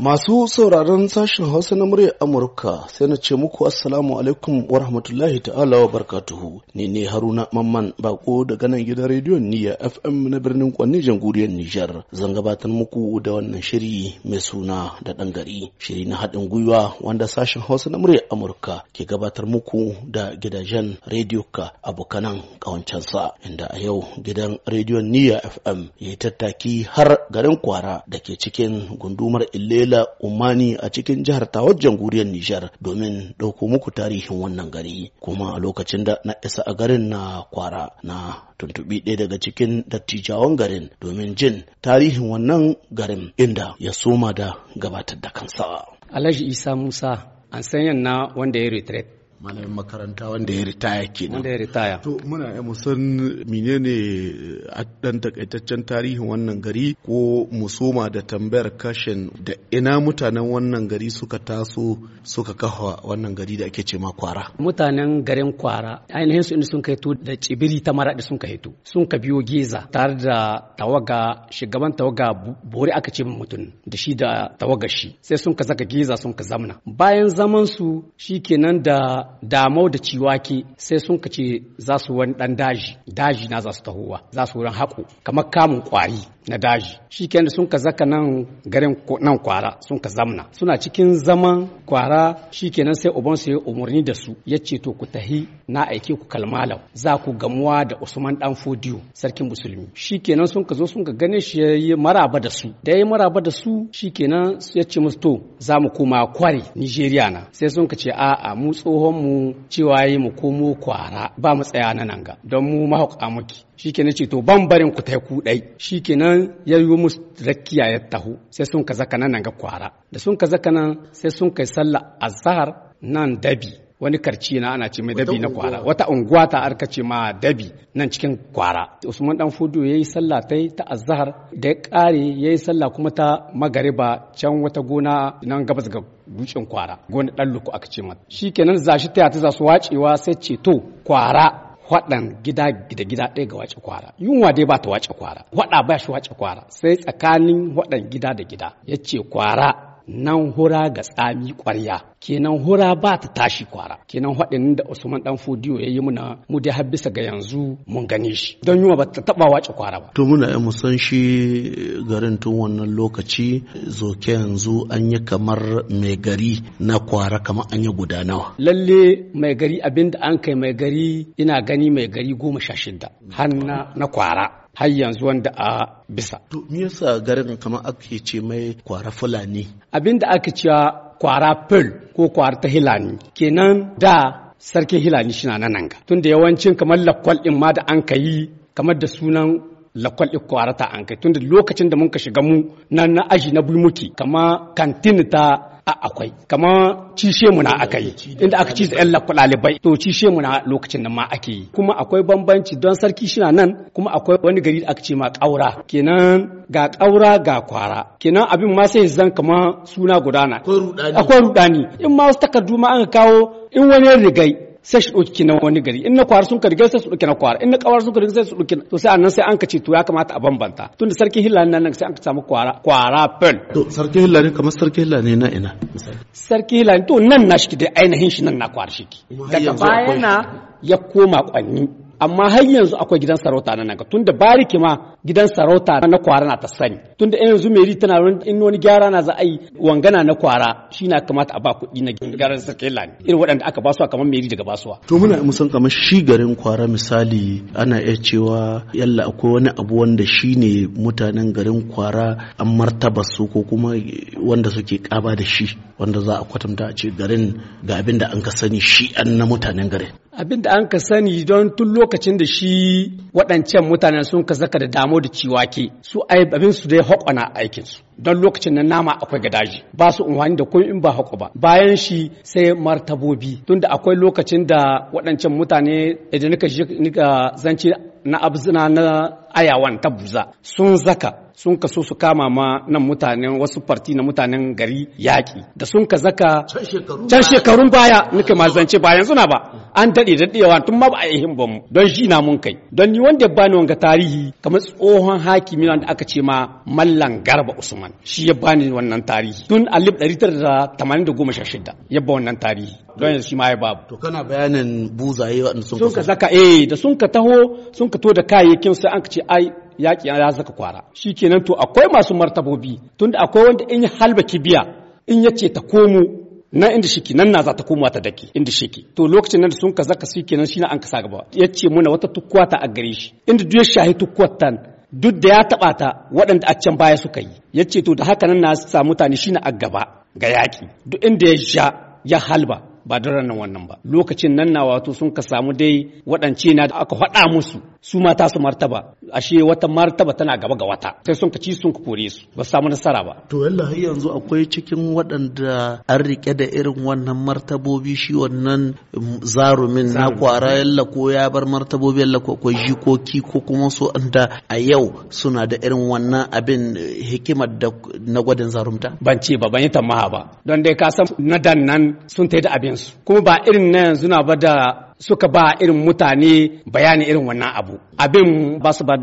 Masu sauraron sashen Hausa na muryar Amurka sai na ce muku Assalamu alaikum wa rahmatullahi ta'ala wa barkatuhu. Ni ne Haruna Mamman Bako daga nan gidan rediyon Niyya FM na birnin Kwanne jamhuriyar Nijar. Zan gabatar muku da wannan shiri mai suna da ɗan gari. Shiri na haɗin gwiwa wanda sashen Hausa na muryar Amurka ke gabatar muku da gidajen rediyo ka abokanan ƙawancensa. Inda a yau gidan rediyon Niyya FM ya yi tattaki har garin Kwara da ke cikin gundumar Ile Laila Umani a cikin jihar Tawad jamhuriyar Nijar domin ɗauko muku tarihin wannan gari kuma a lokacin da na isa a garin na kwara na tuntubi ɗaya daga cikin dattijawan garin domin jin tarihin wannan garin inda ya soma da gabatar da kansa. Alhaji Isa Musa an sanyan na wanda ya retret malamin makaranta wanda ya ritaya kenan wanda ya ritaya to muna ya eh, musan menene a eh, dan takaitaccen tarihin wannan gari ko musoma da tambayar kashin da ina mutanen wannan gari suka taso suka kafa wannan gari da ake ce ma kwara mutanen garin kwara ainihin su inda sun kai to da cibiri ta da sun kai to sun ka biyo geza tare da tawaga shugaban tawaga bori aka ce mutum da shi da tawaga shi sai sun ka zaka geza sun ka zamna bayan zaman su shikenan da damau da ciwaki sai sun kace za su wani dan daji daji na za su tahowa za su wurin haƙo kamar kamun kwari na daji shi da sun ka zaka nan garin nan kwara sun ka zamna suna cikin zaman kwara shi kenan sai uban su ya umarni da su ya ce to ku tahi na aike ku kalmalau za ku gamuwa da usman dan fodiyo sarkin musulmi shi kenan sun ka zo sun ka gane shi ya yi maraba da su da ya yi maraba da su shi kenan ya ce musu to za mu koma kware nigeria na sai sun ka ce a'a mu tsohon mu cewa yi mu komo kwara ba mu tsaya na nan ga don mu mahauka muke shikenan ce to ban barin ku tai ku shi kenan ya yi musu rakiya ya taho sai sun ka zaka nan ga kwara da sun ka zaka nan sai sun kai sallah azhar nan dabi wani karci na ana ce mai dabi na kwara wata unguwa ta arka ce ma dabi nan cikin kwara usman dan fudu yayi sallah tai ta azhar da ya kare yayi sallah kuma ta magariba can wata gona nan gabas ga dutsen kwara gona dan luku aka ce mata shikenan zashi ta ta zasu wacewa sai ce to kwara faɗan gida gida gida ɗaya ga wace kwara yunwa dai ba ta wace kwara faɗa ba shi wace kwara sai tsakanin faɗan gida da gida ya ce kwara nan hura ga tsami ƙwarya kenan hura ba ta tashi kwara kenan haɗin da Usman dan Fodiyo ya yi muna mu dai har bisa ga yanzu mun gane shi don yiwa ba ta taba wace kwara ba to muna mu san shi garin tun wannan lokaci zoke yanzu an yi kamar mai gari na kwara kamar an yi guda nawa lalle mai gari abinda an kai mai gari ina gani mai gari goma sha shida har na kwara har yanzu wanda a bisa. To me yasa garin kamar ake ce mai kwara fulani? Abin da aka cewa kwara pearl ko kwara ta hilani kenan da sarkin hilani shi na nan ga. Tunda yawancin kamar lakwal ɗin ma da an ka yi kamar da sunan lakwal ta an kai tunda lokacin da mun ka shiga mu na na aji na bulmuki kama kantin ta a akwai kama cishe mu na aka yi inda aka ci yan ɗalibai to cishe mu na lokacin nan ma ake yi kuma akwai bambanci don sarki shi nan kuma akwai wani gari da aka ce ma ƙaura kenan ga ƙaura ga kwara kenan abin ma sai zan kama suna gudana akwai rudani in ma wasu takardu ma aka kawo in wani rigai sai shi ɗauki na wani gari in na kwara sun karge sai su ɗauki na kwara in na kawar sun karge sai su ɗauki to sai annan sai an kace to ya kamata a bambanta tun da sarki hillani nan sai an ka samu kwara kwara pen to sarki hillani kamar sarki ne na ina sarki hillani to nan na shi dai ainihin shi nan na kwara shi daga baya na ya koma kwanni amma har yanzu akwai gidan sarauta na naga. tunda bariki ma gidan sarauta na kwara na ta sani tunda yanzu meri tana in wani gyara na za a yi wangana na kwara shi na kamata a ba kuɗi na gyara da sarki lani irin waɗanda aka basuwa kamar meri daga basuwa. to muna musan kamar shi garin kwara misali ana iya cewa yalla akwai wani abu wanda shi ne mutanen garin kwara an martaba su ko kuma wanda suke kaba da shi wanda za a kwatanta a ce garin ga abin da an ka sani shi an na mutanen garin. abin da an ka sani don tun lokacin da shi waɗancan mutane sun ka zaka da damo da ciwake su abin su dai aikin aikinsu don lokacin nan nama akwai gadaji ba su unwani da kun in ba haƙo ba bayan shi sai martabobi Tun da akwai lokacin da waɗancan mutane idan nika zance na abzina na ayawan ta sun zaka sun ka so su kama ma nan mutanen wasu farti na mutanen gari yaƙi da sun ka zaka can shekarun baya nika ma zance ba yanzu na ba an daɗe daɗewa tun ma ba a yi ba mu don shi na mun kai don ni wanda ya bani wanga tarihi kamar tsohon hakimi da aka ce ma mallan garba usman shi ya bani wannan tarihi tun alif ɗari tara da goma sha shida ya ba wannan tarihi don yanzu shi ma ya babu. to kana bayanin buzaye waɗanda sun ka zaka eh da sun ka taho sun ka to da kayayyakin sai an ka ce ai yaƙi ya zaka kwara shi kenan to akwai masu martabobi tunda akwai wanda in ya halba ki biya in yace ce ta komo na inda shiki nan na za ta koma ta daki inda shiki to lokacin nan da sun kaza ka su kenan shine an kasa gaba ya ce muna wata tukkuwa ta a gare shi inda duk ya shahi tukkuwar tan duk da ya taɓa ta waɗanda a can baya suka yi ya ce to da haka nan na sa mutane shine a gaba ga yaƙi duk inda ya sha ya halba ba da ranar wannan ba lokacin nan na wato sun ka samu dai waɗance na da aka faɗa musu su ma ta su martaba ashe wata martaba tana gaba ga wata sai sun ka ci sun ka kore su ba samu nasara ba to yalla yanzu akwai cikin waɗanda an rike da irin wannan martabobi shi wannan um, zarumin na kwara yalla ko ya bar martabobi yalla ko akwai jikoki ko kuma su anda a yau suna da irin wannan abin eh, hikimar da na gwadin zarumta ban ce ba ban yi tamaha ba don dai ka san na dan nan sun yi da abin kansu kuma ba irin na yanzu ba da suka ba irin mutane bayani irin wannan abu abin ba su ba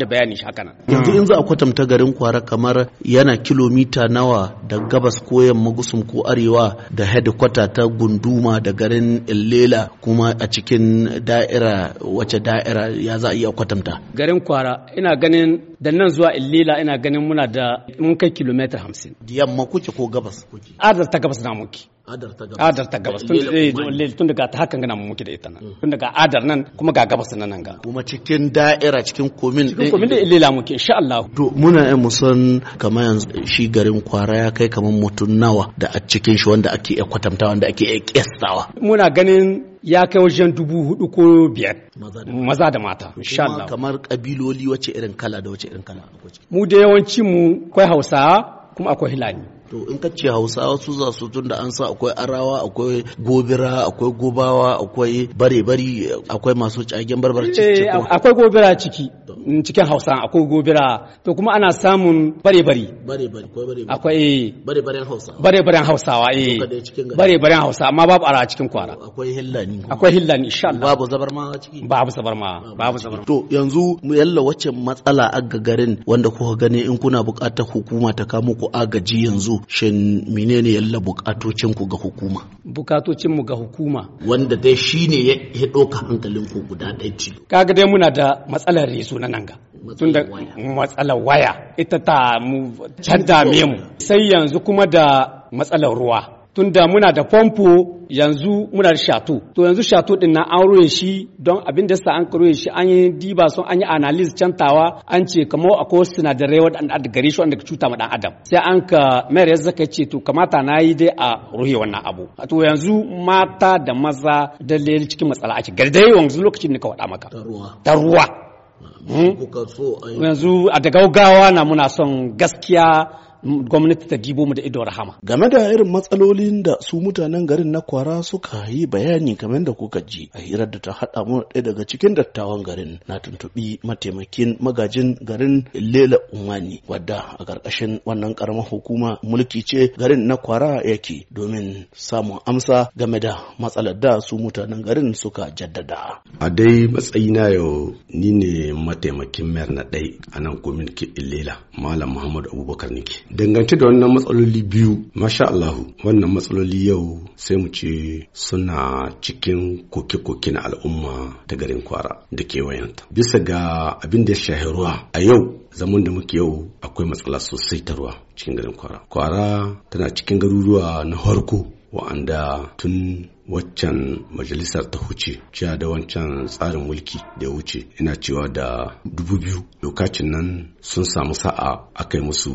da bayani shakanan yanzu in za a kwatanta garin kwara kamar yana kilomita nawa da gabas ko yamma gusum ko arewa da hedikwata ta gunduma da garin illela kuma a cikin da'ira wace da'ira ya za a iya kwatanta garin kwara ina ganin da nan zuwa illela ina ganin muna da mun kai kilomita hamsin yamma kuke ko gabas kuke ta gabas na muke adar ta gabas adar ta gabas tun eh, daga ta hakan gana muke da ita nan mm. tun daga adar nan kuma ga gabas nan nan ga kuma cikin da'ira cikin komin cikin komin da ilela muke insha Allah to muna yin musan kamar yanzu shi garin kwara ya kai kamar mutun nawa da a cikin shi wanda ake kwatantawa wanda ake kestawa muna ganin ya kai wajen dubu hudu ko biyar maza da mata insha Allah kamar kabiloli wace irin kala da wace irin kala mu da yawanci mu akwai Hausawa kuma akwai Hilani to in ka ce hausawa su za su tun da an sa akwai arawa akwai gobira akwai gobawa akwai bare-bari akwai masu cagen barbar ciki eh, akwai gobira ciki mm, cikin hausa akwai gobira to kuma ana samun bare-bari akwai eh, bare-baren hausawa bare-baren hausawa eh bare-baren hausa amma babu ara cikin kwara akwai hillani akwai hillani insha Allah babu zabarma ciki babu zabarma babu zabarma to yanzu mu yalla wacce matsala a garin wanda kuka gani in kuna buƙatar hukuma ta kamo ku agaji yanzu Shin shin menene yalla bukatocin ku ga hukuma bukatocin mu ga hukuma wanda dai shine ya doka hankalin ku guda ɗaya tilo kaga dai muna da matsalar reso na nan ga tunda matsalar waya ita ta mu can mu sai yanzu kuma da matsalar ruwa tunda muna da famfo yanzu muna da shato to yanzu shato din na an ruwe shi don abin da sa an ruwe shi an yi diba sun an yi analysis cantawa an ce kamar akwai sinadarai wadanda da gare shi wanda ka cuta ma dan adam sai an ka mayar yanzu ka ce to kamata na yi dai a ruhe wannan abu to yanzu mata da maza da lele cikin matsala ake gardai yanzu lokacin da ka waɗa maka ta ruwa yanzu a daga gaugawa na muna son gaskiya gwamnati ta gibo mu da ido rahama game da irin matsalolin da su mutanen garin na kwara suka yi bayani kamar da kuka ji a hirar da ta haɗa mu ɗaya daga cikin dattawan garin na tuntuɓi mataimakin magajin garin lela umani wadda a ƙarƙashin wannan ƙaramar hukuma mulki ce garin na kwara yake domin samun amsa game da matsalar da su mutanen garin suka jaddada a dai matsayina yau ni ne mataimakin mayar na ɗai a nan gwamnati Lela malam muhammadu abubakar Niki. dangance da wannan matsaloli biyu masha Allahu wannan matsaloli yau sai mu ce suna cikin koke-koke na al'umma ta garin kwara da kewayenta bisa ga abin da ya shahi ruwa a yau zaman da muke yau akwai matsala sosai ta ruwa cikin garin kwara kwara tana cikin garuruwa na harko wa'anda tun waccan majalisar ta huce cewa da wancan tsarin mulki da ya wuce ina cewa da dubu biyu lokacin nan sun samu sa'a aka yi musu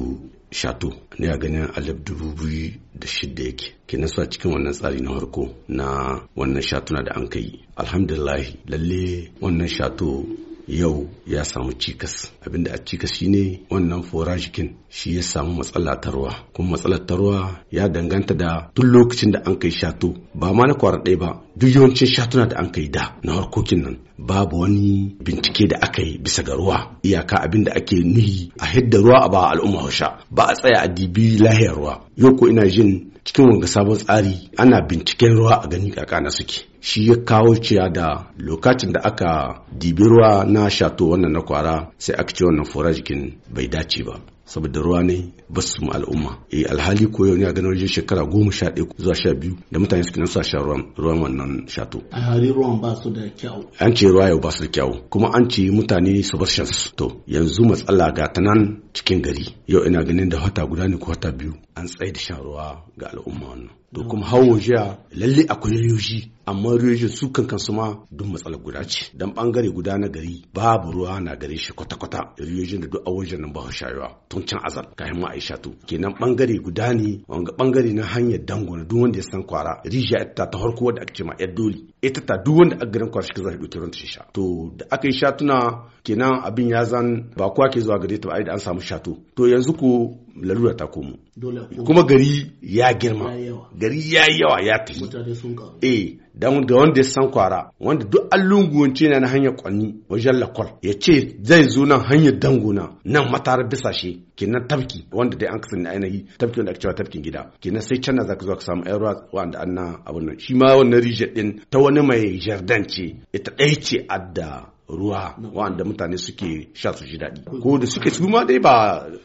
shato ne a ganin alif dubu biyu da shidda yake ke nasa cikin wannan tsari na harko na wannan shatuna da an kai alhamdulillah lalle wannan shato yau ya samu cikas abinda a cikas ne wannan forajikin shi ya samu matsala ta ruwa kuma matsalar ruwa ya danganta da duk lokacin da an kai shato ba ma na kwara ɗaya ba duk yawancin shatuna da an kai da na harkokin nan babu wani bincike da aka yi bisa ga ruwa iyaka abin da ake nuhi a hidda ruwa a ba al'umma hausha ba a tsaya a dibi lahiyar ruwa yau ko ina jin cikin wanga sabon tsari ana binciken ruwa a gani kakana suke shi ya kawo ciya da lokacin da aka dibi ruwa na shato wannan na kwara sai aka ce wannan jikin bai dace ba saboda ruwa ne ba su al'umma e alhali ko yau ne a ganin shekara goma sha ɗaya zuwa sha biyu da mutane suke nan suna sha ruwan ruwan wannan shato alhali ruwan ba su da kyau an ce ruwa yau ba su da kyau kuma an ce mutane su bar shan su to yanzu matsala ga ta nan cikin gari yau ina ganin da wata guda ne ko wata biyu an tsaye da shan ruwa ga al'umma wannan to kuma hawo jiya lalle akwai riyoji amma riyojin su kan su ma duk matsala guda ce dan bangare guda na gari babu ruwa na gare shi kwata-kwata riyojin da duk awajen nan ba shayuwa tun can azal kayan ma aisha to kenan bangare guda ne wanga bangare na hanyar dango na duk wanda ya san kwara rijiya ita ta harko wanda ake ce ma yar doli ita ta duk wanda a garin kwara shi zai dauki ruwan sha to da aka yi shatuna kenan abin ya zan ba kwa ke zuwa gare ta ba ai da an samu shato to yanzu ko larura ta komo kuma gari ya girma gari ya yawa ya tafi eh dan da wanda ya san kwara wanda duk allunguwance na hanyar kwanni wajen lakwal ya ce zai zo nan hanyar dangona nan matarar bisashe kenan tafki wanda dai an kasance ainihi tafki wanda ake cewa tafkin gida kenan sai can zaka zo ka samu ɗan wanda an na abun nan shi ma wannan rijiyar din ta wani mai jardin ce ita ɗaya ce adda ruwa wanda mutane suke sha su ji daɗi ko da suke su ma dai ba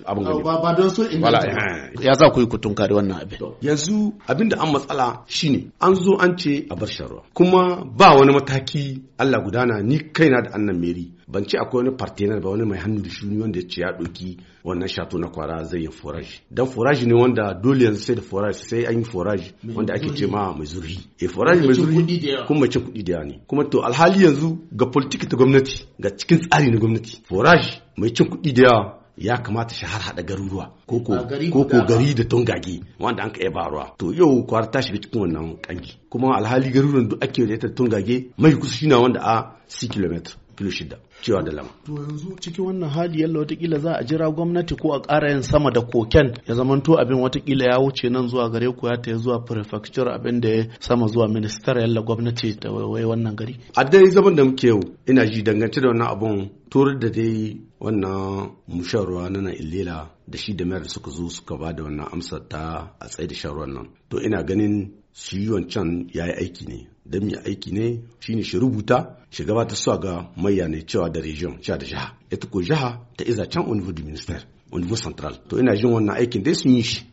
abin gani ba don so in eh, ya za ku yi kutun kare wannan abin yanzu abin da an matsala shine an zo an ce a bar kuma ba wani mataki Allah gudana ni kaina da annan meri ban ce akwai wani partner ba wani mai hannu da shuni wanda ya ce ya doki wannan shato na kwara zai yi forage dan forage ne wanda dole yanzu sai da forage sai an yi forage wanda ake ce ma mai zurhi e eh, forage mai zurhi kuma mace kudi da ne kuma to alhali yanzu ga politiki ta gwamnati ga cikin tsari na gwamnati forage mai cin kuɗi da yawa ya kamata shi har hada garuruwa ko ko gari da tongage wanda an kai baruwa to yau kwara ta shiga cikin wannan kangi kuma alhali garuruwan duk ake da ita tungage mai kusa shine wanda a 6 km kilo shida cewa da lama. To yanzu cikin wannan hali yalla watakila za a jira gwamnati ko a ƙara yin sama da koken ya zamanto abin watakila ya wuce nan zuwa gare ku ya ta zuwa prefecture abin da ya sama zuwa minister yalla gwamnati ta wai wannan gari. A dai zaman da muke yau ina ji dangance da wannan abun turar da dai wannan musharwa na na illela da shi da mayar da suka zo suka ba da wannan amsar ta a tsaye da sharuwan nan to ina ganin su yi wancan ya yi aiki ne don mai aiki ne shine shi rubuta shi gabata su ga mayya ne cewa da region cewa da jiha ita ko jiha ta iza can niveau du minister niveau central to ina jin wannan aikin dai sun yi shi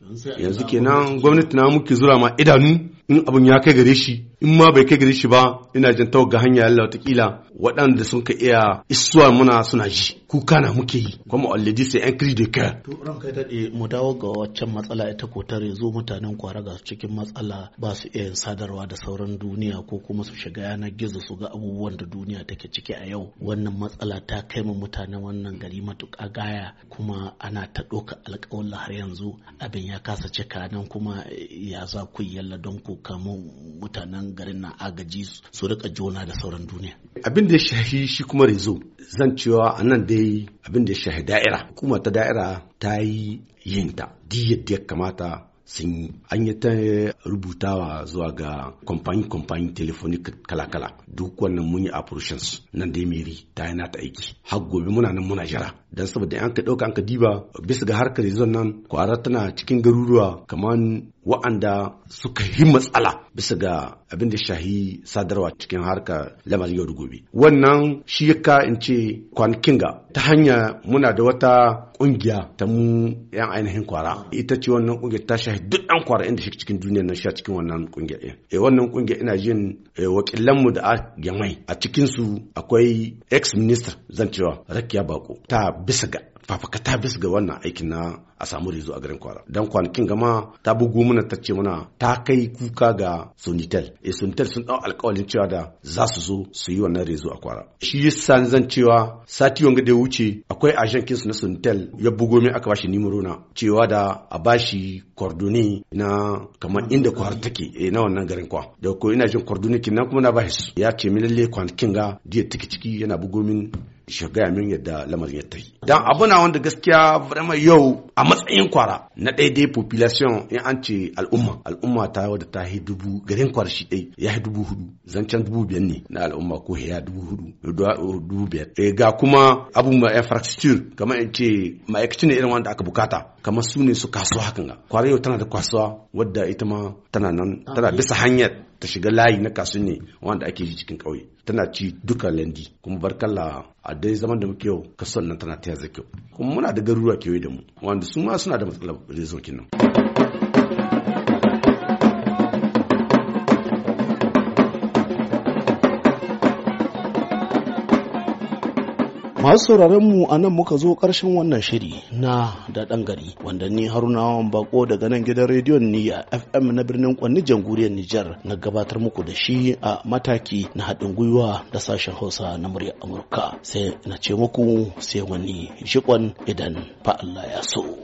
yanzu kenan gwamnati na muke zura ma idanu in abin ya kai gare shi in ma bai kai gari shi ba ina jin ga hanya Allah watakila waɗanda sun ka iya isuwa muna suna ji kuka na muke yi kuma already sai an kiri da ka to ran kai de mu dawo ga waccan matsala ita ko ta rezo mutanen kwara ga cikin matsala ba su iya sadarwa da sauran duniya ko kuma su shiga yanar gizo su ga abubuwan da duniya take ciki a yau wannan matsala ta kai mu mutanen wannan gari matuƙa gaya kuma ana ta ɗauka alƙawalla har yanzu abin ya kasa cika nan kuma ya za ku yalla don ku kamo mutanen garin na agaji su rika jona da sauran duniya abin da ya shahi shi kuma rezo zan cewa a nan dai abin da ya shahi da'ira kuma ta da'ira ta yi yinta di ya kamata sun yi an yi ta rubutawa zuwa ga kamfani kamfani telefonik kala-kala duk wannan mun yi apurushinsu nan dai meri ta yana ta aiki har gobe muna nan muna jira dan saboda an ka dauka an ka diba bisa ga harkar yanzu nan kwara tana cikin garuruwa kamar wa'anda suka yi matsala bisa ga abin da shahi sadarwa cikin harka lamarin yau da gobe wannan shi ya in ce kwanakin ga ta hanya muna da wata ƙungiya. ta mu yan ainihin kwara ita ce wannan kungiyar ta shahi duk ɗan kwara inda shi cikin duniya na shi cikin wannan kungiyar ɗin. E wannan kungiyar ina jin eh, wakilan mu da a yamai a cikin su akwai ex minister zancewa rakiya bako ta bisa ga fafakata bisa ga wannan aikin na a samu rezo a garin kwara dan kwanakin gama ta bugu mana ta ce mana ta kai kuka ga sunitel e sunitel sun dau alkawalin cewa da za su zo su yi wannan rezo a kwara shi yasa zan cewa sati wanga da wuce akwai ajen kinsu na sunitel ya bugo min aka bashi nimero na cewa da a bashi kordoni na kamar inda kwara take e na wannan garin kwa da ko ina jin kordoni kin kuma na bashi ya ce min lalle kwanakin ga jiya take ciki yana bugo min shi gaya min yadda lamarin ya tafi dan abu na wanda gaskiya vraiment yau a matsayin kwara na daidai population in an ce al'umma al'umma ta wadda ta yi dubu garin kwara shi dai ya yi dubu hudu zancen dubu biyar ne na al'umma ko ya dubu hudu dubu biyar eh, ga kuma abu ma infrastructure kamar in ce ma'aikaci ne irin wanda aka bukata kamar su ne su kasuwa hakan ga kwara yau tana da kasuwa wadda ita ma tana nan tana ah, bisa hanyar ta shiga layi na ne wanda ake shi cikin ƙauye tana ci duka landi kuma barkalla a dai zaman da muke yau kasuwan nan tana ta kyau kuma muna da garuruwa kewaye da mu wanda su ma suna da matsalar rezokin nan. masu sauraron mu a nan muka zo ƙarshen wannan shiri na da ɗan gari wanda ni harunawan bako daga nan gidan rediyon ni a fm na birnin kwanni jamhuriyar nijar na gabatar muku da shi a mataki na haɗin gwiwa da sashen hausa na muryar amurka sai na ce muku sai wani jikon idan fa'alla ya so.